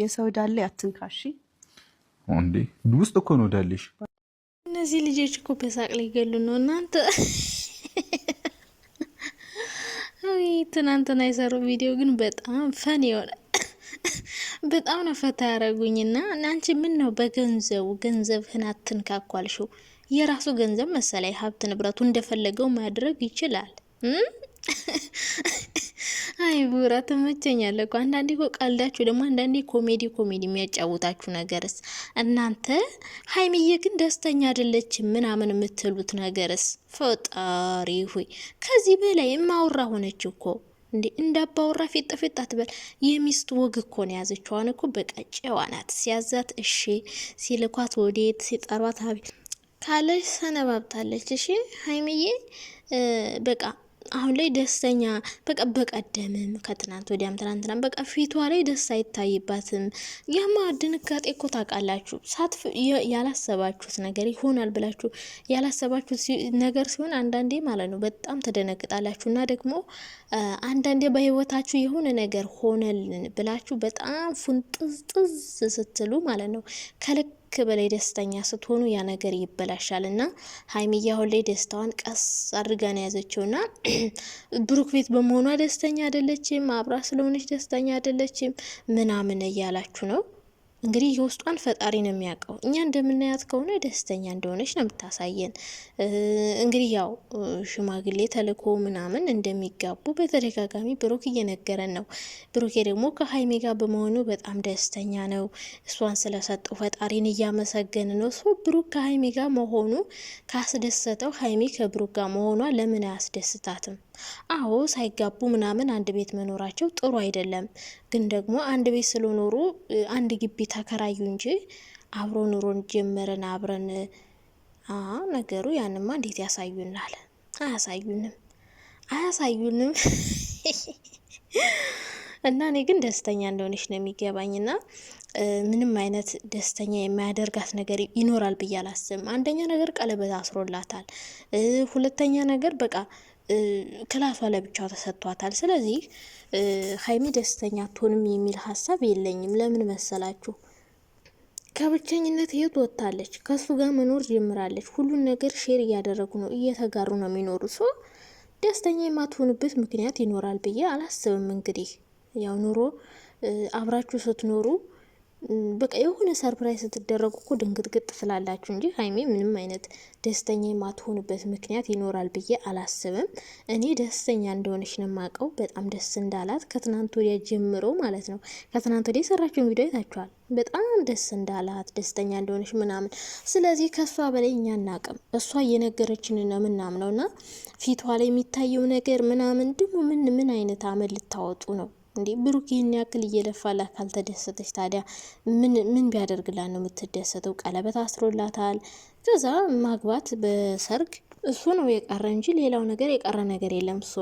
የሰው ዳሌ አትንካሽ እንዴ! ውስጥ እኮ ነው ዳሌሽ። እነዚህ ልጆች እኮ በሳቅ ገሉ ነው እናንተ። ትናንትና የሰሩ ቪዲዮ ግን በጣም ፈን የሆነ በጣም ነው ፈታ ያደረጉኝና አንቺ ምን ነው በገንዘቡ ገንዘብህን አትንካኳልሽው። የራሱ ገንዘብ መሰላይ ሀብት ንብረቱ እንደፈለገው ማድረግ ይችላል። አይ ቡራ ተመቸኛለ እኮ አንዳንዴ እኮ ቀልዳችሁ ደግሞ አንዳንዴ ኮሜዲ ኮሜዲ የሚያጫውታችሁ ነገርስ እናንተ ሀይሚዬ ግን ደስተኛ አይደለች ምናምን የምትሉት ነገርስ ፈጣሪ ሆይ ከዚህ በላይ የማውራ ሆነች እኮ እንዴ እንደ አባወራ ፊት ፊት አትበል። የሚስት ወግ እኮ ነው ያዘችዋን እኮ በቃ ጨዋ ናት። ሲያዛት እሺ፣ ሲልኳት ወዴት፣ ሲጠሯት ሀቢ ካለች ሰነባብታለች። እሺ ሀይሚዬ በቃ አሁን ላይ ደስተኛ በቃ በቀደምም ከትናንት ወዲያም ትናንትና በቃ ፊቷ ላይ ደስ አይታይባትም። ያማ ድንጋጤ እኮ ታውቃላችሁ፣ ሳት ያላሰባችሁት ነገር ይሆናል ብላችሁ ያላሰባችሁት ነገር ሲሆን አንዳንዴ ማለት ነው በጣም ተደነግጣላችሁ። እና ደግሞ አንዳንዴ በህይወታችሁ የሆነ ነገር ሆነልን ብላችሁ በጣም ፉንጥዝጥዝ ስትሉ ማለት ነው ከልክ ልክ በላይ ደስተኛ ስትሆኑ ያ ነገር ይበላሻል። እና ሀይሚዬ አሁን ላይ ደስታዋን ቀስ አድርጋ ነው ያዘችው። ና ብሩክ ቤት በመሆኗ ደስተኛ አይደለችም፣ አብራ ስለሆነች ደስተኛ አይደለችም ምናምን እያላችሁ ነው እንግዲህ የውስጧን ፈጣሪ ነው የሚያውቀው። እኛ እንደምናያት ከሆነ ደስተኛ እንደሆነች ነው የምታሳየን። እንግዲህ ያው ሽማግሌ ተልኮ ምናምን እንደሚጋቡ በተደጋጋሚ ብሩክ እየነገረን ነው። ብሩኬ ደግሞ ከሀይሜ ጋር በመሆኑ በጣም ደስተኛ ነው። እሷን ስለሰጠው ፈጣሪን እያመሰገን ነው። ሶ ብሩክ ከሀይሜ ጋር መሆኑ ካስደሰተው ሀይሜ ከብሩክ ጋር መሆኗ ለምን አያስደስታትም? አዎ ሳይጋቡ ምናምን አንድ ቤት መኖራቸው ጥሩ አይደለም። ግን ደግሞ አንድ ቤት ስለኖሩ አንድ ግቢ ተከራዩ እንጂ አብሮ ኑሮን ጀመረን አብረን ነገሩ ያንማ እንዴት ያሳዩናል? አያሳዩንም አያሳዩንም። እና እኔ ግን ደስተኛ እንደሆነች ነው የሚገባኝ። ና ምንም አይነት ደስተኛ የማያደርጋት ነገር ይኖራል ብዬ አላስብም። አንደኛ ነገር ቀለበት አስሮላታል። ሁለተኛ ነገር በቃ ክላሷ ለብቻው ተሰጥቷታል። ስለዚህ ሀይሚ ደስተኛ አትሆንም የሚል ሀሳብ የለኝም። ለምን መሰላችሁ? ከብቸኝነት የት ወጥታለች። ከሱ ጋር መኖር ጀምራለች። ሁሉን ነገር ሼር እያደረጉ ነው፣ እየተጋሩ ነው የሚኖሩ። ሶ ደስተኛ የማትሆንበት ምክንያት ይኖራል ብዬ አላስብም። እንግዲህ ያው ኑሮ አብራችሁ ስትኖሩ በቃ የሆነ ሰርፕራይዝ ስትደረጉ እኮ ድንግጥግጥ ትላላችሁ እንጂ ሀይሜ ምንም አይነት ደስተኛ የማትሆንበት ምክንያት ይኖራል ብዬ አላስብም። እኔ ደስተኛ እንደሆነች ነው የማውቀው። በጣም ደስ እንዳላት ከትናንት ወዲያ ጀምሮ ማለት ነው። ከትናንት ወዲያ የሰራችውን ቪዲዮ አይታችኋል። በጣም ደስ እንዳላት ደስተኛ እንደሆነች ምናምን። ስለዚህ ከእሷ በላይ እኛ እናቅም። እሷ እየነገረችን ነው ምናምነው እና ፊቷ ላይ የሚታየው ነገር ምናምን ደግሞ ምን ምን አይነት አመል ልታወጡ ነው እንዴ ብሩክ ይህን ያክል እየለፋላት ካልተደሰተች ታዲያ ምን ቢያደርግላት ነው የምትደሰተው? ቀለበት አስሮላታል። ከዛ ማግባት በሰርግ እሱ ነው የቀረ እንጂ ሌላው ነገር የቀረ ነገር የለም። ሶ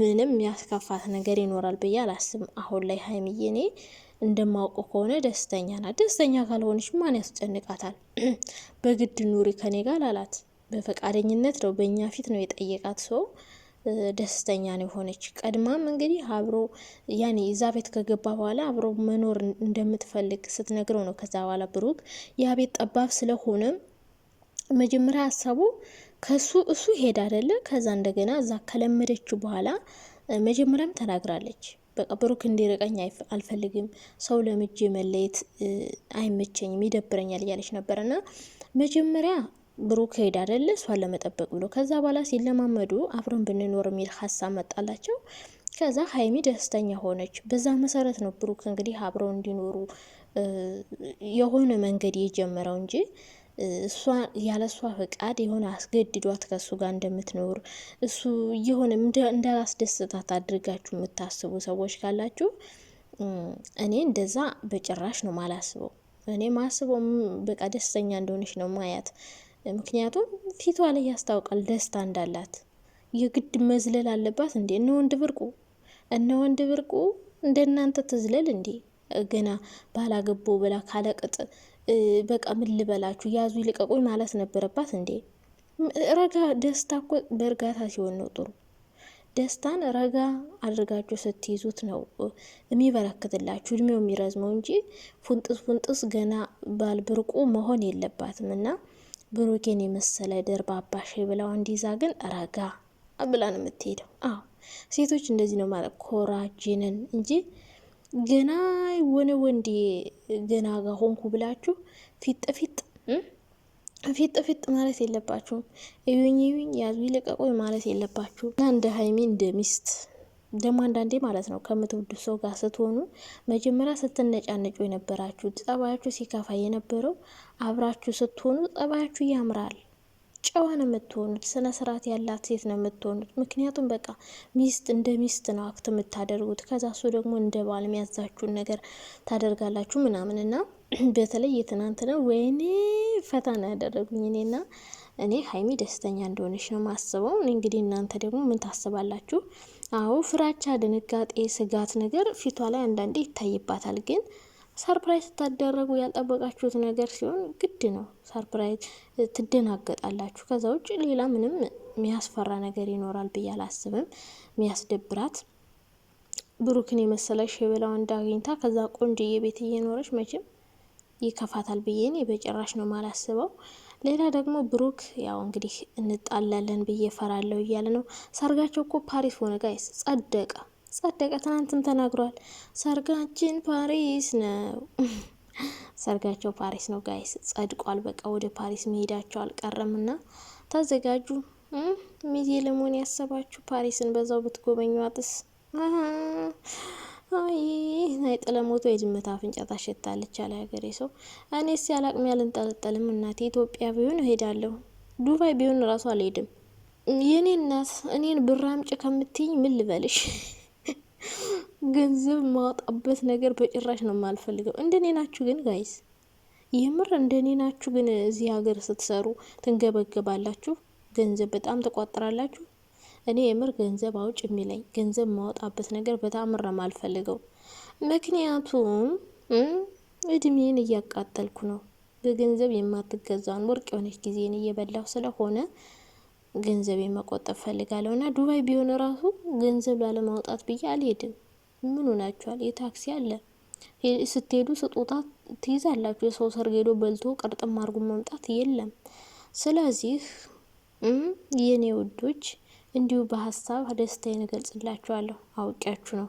ምንም ያስከፋት ነገር ይኖራል ብዬ አላስብም። አሁን ላይ ሀይሚዬ እኔ እንደማውቀው ከሆነ ደስተኛ ናት። ደስተኛ ካልሆነች ማን ያስጨንቃታል? በግድ ኑሪ ከኔ ጋር አላት። በፈቃደኝነት ነው በእኛ ፊት ነው የጠየቃት ሰው ደስተኛ ነው የሆነች። ቀድማም እንግዲህ አብሮ ያኔ እዛ ቤት ከገባ በኋላ አብሮ መኖር እንደምትፈልግ ስትነግረው ነው። ከዛ በኋላ ብሩክ ያ ቤት ጠባብ ስለሆነ መጀመሪያ ሀሳቡ ከሱ እሱ ይሄድ አይደለ። ከዛ እንደገና እዛ ከለመደችው በኋላ መጀመሪያም ተናግራለች። በቃ ብሩክ እንዲርቀኝ አልፈልግም፣ ሰው ለምጄ መለየት አይመቸኝም፣ ይደብረኛል እያለች ነበርና መጀመሪያ ብሩክ ሄድ አደለ እሷን ለመጠበቅ ብሎ ከዛ በኋላ ሲለማመዱ አብረን ብንኖር የሚል ሀሳብ መጣላቸው። ከዛ ሀይሚ ደስተኛ ሆነች። በዛ መሰረት ነው ብሩክ እንግዲህ አብረው እንዲኖሩ የሆነ መንገድ የጀመረው እንጂ እሷ ያለ እሷ ፈቃድ የሆነ አስገድዷት ከሱ ጋር እንደምትኖር እሱ የሆነ እንዳላስደስታት አድርጋችሁ የምታስቡ ሰዎች ካላችሁ እኔ እንደዛ በጭራሽ ነው ማላስበው። እኔ ማስበው በቃ ደስተኛ እንደሆነች ነው ማያት። ምክንያቱም ፊቷ ላይ ያስታውቃል ደስታ እንዳላት። የግድ መዝለል አለባት እንዴ? እነ ወንድ ብርቁ እነ ወንድ ብርቁ እንደ እናንተ ትዝለል እንዴ? ገና ባላገቦ ብላ ካለቅጥ በቃ ምን ልበላችሁ ያዙ ይልቀቁኝ ማለት ነበረባት እንዴ? ረጋ ደስታ እኮ በእርጋታ ሲሆን ነው ጥሩ። ደስታን ረጋ አድርጋችሁ ስትይዙት ነው የሚበረክትላችሁ እድሜው የሚረዝመው እንጂ ፉንጥስ ፉንጥስ ገና ባልብርቁ መሆን የለባትም እና ብሩኬን የመሰለ ደርባባሽ ብላው እንዲዛ ግን ረጋ ብላ የምትሄደው። አዎ ሴቶች እንደዚህ ነው ማለት ኮራጅንን እንጂ ገና የሆነ ወንዴ ገና ጋሆንኩ ሆንኩ ብላችሁ ፊጥ ፊጥ ፊጥ ፊጥ ማለት የለባችሁም። እዩኝ እዩኝ ያዙ ይልቀቁኝ ማለት የለባችሁም እና እንደ ሀይሜ እንደ ሚስት ደግሞ አንዳንዴ ማለት ነው ከምትወዱ ሰው ጋር ስትሆኑ መጀመሪያ ስትነጫነጩ የነበራችሁ ጸባያችሁ ሲከፋ የነበረው አብራችሁ ስትሆኑ ጸባያችሁ ያምራል። ጨዋ ነው የምትሆኑት። ስነ ስርዓት ያላት ሴት ነው የምትሆኑት። ምክንያቱም በቃ ሚስት እንደ ሚስት ነው አክት የምታደርጉት። ከዛ እሱ ደግሞ እንደ ባል የሚያዛችሁን ነገር ታደርጋላችሁ ምናምን እና በተለይ የትናንት ነው ወይኔ ፈታ ነው ያደረጉኝ እኔና እኔ ሀይሚ ደስተኛ እንደሆነች ነው ማስበው። እንግዲህ እናንተ ደግሞ ምን ታስባላችሁ? አዎ ፍራቻ፣ ድንጋጤ፣ ስጋት ነገር ፊቷ ላይ አንዳንዴ ይታይባታል። ግን ሰርፕራይዝ ስታደረጉ ያልጠበቃችሁት ነገር ሲሆን ግድ ነው ሰርፕራይዝ ትደናገጣላችሁ። ከዛ ውጭ ሌላ ምንም የሚያስፈራ ነገር ይኖራል ብዬ አላስብም። የሚያስደብራት ብሩክን የመሰለ ሸበላ ወንድ አግኝታ ከዛ ቆንጆዬ ቤት እየኖረች መቼም ይከፋታል ብዬ እኔ በጭራሽ ነው ማላስበው። ሌላ ደግሞ ብሩክ ያው እንግዲህ እንጣላለን ብዬ ፈራለሁ እያለ ነው። ሰርጋቸው እኮ ፓሪስ ሆነ ጋይስ፣ ጸደቀ ጸደቀ። ትናንትም ተናግሯል። ሰርጋችን ፓሪስ ነው። ሰርጋቸው ፓሪስ ነው ጋይስ፣ ጸድቋል። በቃ ወደ ፓሪስ መሄዳቸው አልቀረም እና ተዘጋጁ። ሚዜ ለመሆን ያሰባችሁ ፓሪስን በዛው ብትጎበኙ አጥስ ይህ ናይ ጠለሞት ወይ ድመት አፍንጫ ታሸታለች አለ ሀገሬ ሰው። እኔስ ያላቅሜ ያልንጠለጠልም እናቴ። ኢትዮጵያ ቢሆን እሄዳለሁ፣ ዱባይ ቢሆን እራሱ አልሄድም። የእኔ እናት እኔን ብር አምጪ ከምትይኝ ምን ልበልሽ? ገንዘብ ማውጣበት ነገር በጭራሽ ነው የማልፈልገው። እንደኔ ናችሁ ግን ጋይስ፣ የምር እንደኔ ናችሁ ግን እዚህ ሀገር ስትሰሩ ትንገበገባላችሁ፣ ገንዘብ በጣም ተቋጥራላችሁ። እኔ የምር ገንዘብ አውጭ የሚለኝ ገንዘብ ማወጣበት ነገር በታምር አልፈልገው። ምክንያቱም እድሜን እያቃጠልኩ ነው። በገንዘብ የማትገዛውን ወርቅ የሆነች ጊዜን እየበላሁ ስለሆነ ገንዘብ የመቆጠብ ፈልጋለሁ እና ዱባይ ቢሆን ራሱ ገንዘብ ላለማውጣት ብዬ አልሄድም። ምኑ ናቸዋል? የታክሲ አለ ስትሄዱ ስጦታ ትይዛላችሁ። የሰው ሰርግ ሄዶ በልቶ ቅርጥም አድርጎ መምጣት የለም። ስለዚህ የኔ ውዶች እንዲሁ በሀሳብ ደስታዬን እገልጽላችኋለሁ። አውቂያችሁ ነው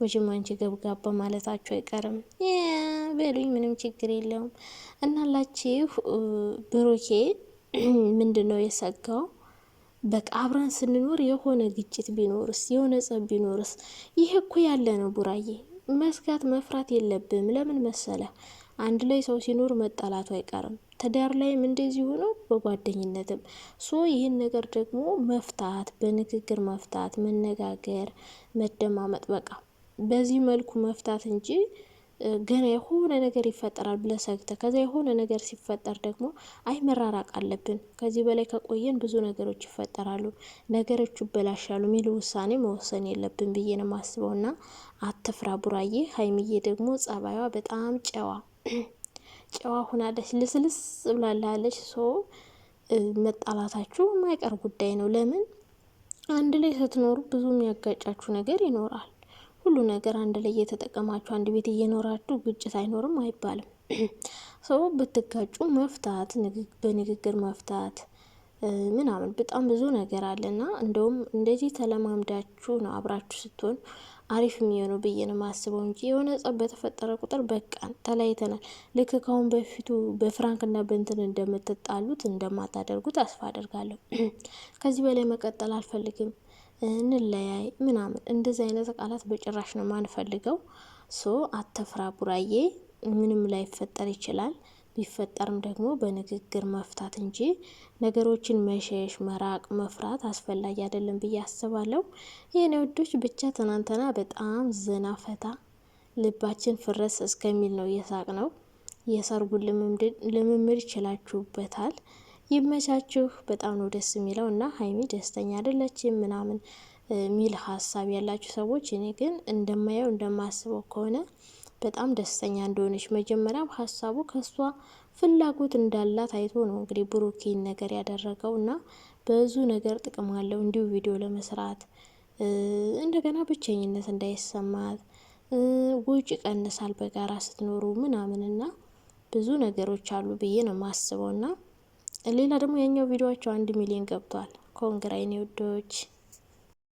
መቼም አንቺ ገብጋባ ማለታችሁ አይቀርም። በሉኝ ምንም ችግር የለውም። እናላችሁ ብሩኬ ምንድን ነው የሰጋው? በቃ አብረን ስንኖር የሆነ ግጭት ቢኖርስ የሆነ ጸብ ቢኖርስ? ይህ እኮ ያለ ነው ቡራዬ፣ መስጋት መፍራት የለብም። ለምን መሰለህ አንድ ላይ ሰው ሲኖር መጣላቱ አይቀርም። ትዳር ላይም እንደዚህ ሆኖ በጓደኝነትም ሶ ይህን ነገር ደግሞ መፍታት በንግግር መፍታት፣ መነጋገር፣ መደማመጥ በቃ በዚህ መልኩ መፍታት እንጂ ገና የሆነ ነገር ይፈጠራል ብለህ ሰግተህ የሆነ ነገር ሲፈጠር ደግሞ አይ መራራቅ አለብን ከዚህ በላይ ከቆየን ብዙ ነገሮች ይፈጠራሉ፣ ነገሮች ይበላሻሉ የሚል ውሳኔ መወሰን የለብን ብዬ ነው ማስበው። ና አትፍራ ቡራዬ። ሀይሚዬ ደግሞ ጸባዩዋ በጣም ጨዋ ጨዋ ሁናለች፣ ልስልስ ብላላለች። ሶ መጣላታችሁ የማይቀር ጉዳይ ነው። ለምን አንድ ላይ ስትኖሩ ብዙ የሚያጋጫችሁ ነገር ይኖራል። ሁሉ ነገር አንድ ላይ እየተጠቀማችሁ አንድ ቤት እየኖራችሁ ግጭት አይኖርም አይባልም። ሰው ብትጋጩ መፍታት በንግግር መፍታት ምናምን በጣም ብዙ ነገር አለና እንደውም እንደዚህ ተለማምዳችሁ ነው አብራችሁ ስትሆን አሪፍ የሚሆነው ብዬ ነው ማስበው እንጂ የሆነ ጸብ በተፈጠረ ቁጥር በቃን ተለያይተናል። ልክ ካሁን በፊቱ በፍራንክና በንትን እንደምትጣሉት እንደማታደርጉት ተስፋ አደርጋለሁ። ከዚህ በላይ መቀጠል አልፈልግም፣ እንለያይ ምናምን እንደዚህ አይነት ቃላት በጭራሽ ነው ማንፈልገው። ሶ አተፍራ ቡራዬ፣ ምንም ላይፈጠር ይችላል። ቢፈጠርም ደግሞ በንግግር መፍታት እንጂ ነገሮችን መሸሽ፣ መራቅ፣ መፍራት አስፈላጊ አይደለም ብዬ አስባለሁ። ይህን ውዶች ብቻ ትናንትና በጣም ዘና ፈታ ልባችን ፍረስ እስከሚል ነው የሳቅ ነው። የሰርጉ ልምምድ ይችላችሁበታል። ይመቻችሁ። በጣም ነው ደስ የሚለው እና ሀይሚ ደስተኛ አይደለችም ምናምን ሚል ሀሳብ ያላችሁ ሰዎች እኔ ግን እንደማየው እንደማስበው ከሆነ በጣም ደስተኛ እንደሆነች መጀመሪያም ሀሳቡ ከእሷ ፍላጎት እንዳላት አይቶ ነው እንግዲህ ብሩኬን ነገር ያደረገው እና ብዙ ነገር ጥቅም አለው እንዲሁ ቪዲዮ ለመስራት እንደገና ብቸኝነት እንዳይሰማት ውጭ ቀንሳል በጋራ ስትኖሩ ምናምን እና ብዙ ነገሮች አሉ ብዬ ነው የማስበው እና ሌላ ደግሞ የኛው ቪዲዮቸው አንድ ሚሊዮን ገብቷል። ኮንግራይኔ ውዶች